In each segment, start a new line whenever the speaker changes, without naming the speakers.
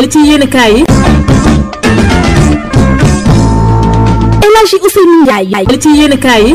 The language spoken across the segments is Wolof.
li ci yenn kaay yi. El Hadji Ousseynou Ndiaye. li ci yenn yi.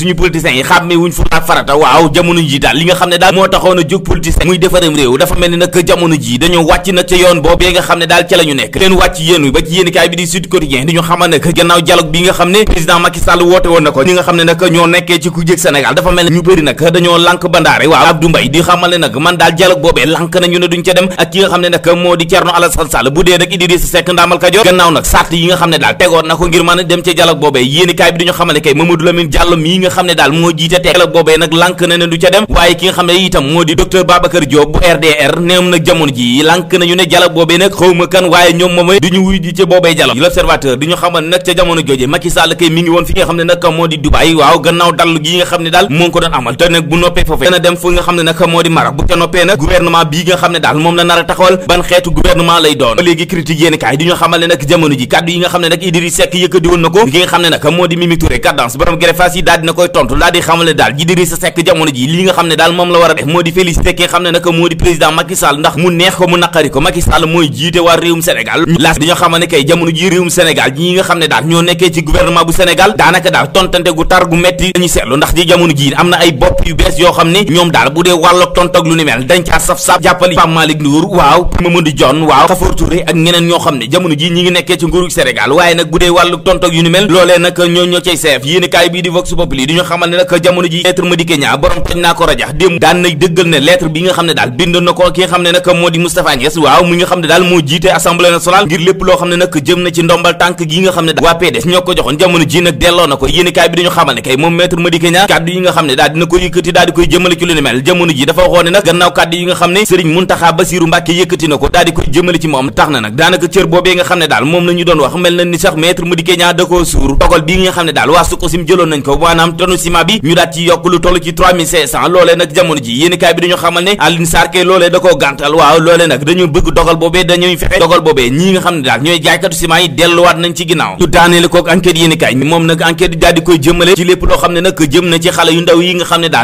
suñu politiciens yi xàmmee wuñ fu ak farata waaw jamono ji daal a wàcc nag ca yoon boobee nga xam ne daal ca la ñu nekk bi nga xam ne nag ñoo di xamal ne nag man daal nag moo dee nag Idrissa Seck Kajoor gannaaw nag sart yi nga xam ne daal tegoon na ko ngir mën a dem ca dialogue boobee yéenekaay bi di xamal ne kay Mamadou Lamine Diallo mi xam ne daal moo jiite teg la boobee ne du ca dem waaye ki nga ne itam moo di kan waaye ñoom moom duñu wuy ji ca boobee jala l'observateur di ñu xamal nag ca jamono jooje Macky Sall kay mi ngi woon fi nga xam ne nag moo di Dubaay waaw gannaaw la nar a taxawal ban xeetu gouvernement lay doon léegi critique yéen kaay ñu xamal ne nag jamono ji kàddu yi nga xam ne nag Idriss Seck yëkkati na ko ki nga xam ne nag moo di Mimi Touré cadence borom greffas yi daal dina ko koy tontu daal di xamal ne daal Idrissa Seck jamono ji li nga xam ne daal moom la war a def moo di félicité ki xam ne naka moo di président Macky ndax mu neex ko mu naqari ko Macky mooy jiite waa réewum Sénégal laas dañoo xamal xam ne daal ñoo nekkee ci gouvernement bu Sénégal daanaka daal tontante gu tar gu metti lañu seetlu ndax di jamono ji am na ay bopp yu bees yoo xam ne ñoom daal bu dee wàllok tont lu ni mel dañ caa saf-saf jàppali di ñu xamal ne nag jamono ji maître Madické Niang borom toj naa ko rajax démb daan dëggal ne lettre bi nga xam ne daal moom maître doon wax mel na sax maître Madické Niang da koo suur dogal bi nga xam ne daal waa Sococim jëloon nañ ko waanaam maanaam tonu ciment bi ñu daat ci yokk lu toll ci 3500 loolee nag jamono ji yéenekaay bi dañu xamal ne Alioune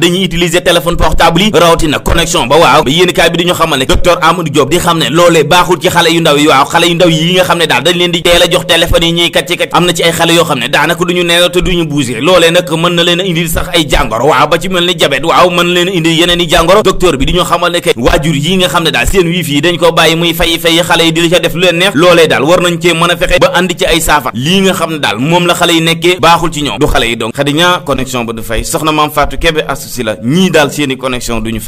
dañu bëgg téléphone portable yi rawatina connexion ba waaw yéenekaay bi dañu xamal ne docteur Amadou Diop di xam ne loolee baaxul ci xale yu ndaw yi waaw xale yu ndaw yi nga xam ne daal dañ leen di teel jox téléphone yi ñuy kat ci kat am na ci ay xale yoo xam ne daanaka duñu nelaw te duñu bouger loolee nag mën na leen a indil sax ay jàngoro waaw ba ci mel ni jabet waaw mën leen a indil yeneen jàngoro docteur bi di ñu xamal ne waajur yi nga xam ne daal seen wiif yi dañ ko bàyyi muy fay fay xale yi di la ca def lu leen neex loolee daal war nañ cee mën a fexe ba ànd ci ay saafara lii nga xam ne daal moom la xale yi nekkee baaxul ci ñoom du xale yi donc xadiña connexion ba du fay soxna maam Fatou Kébé asusi la ñii daal seeni connexion duñu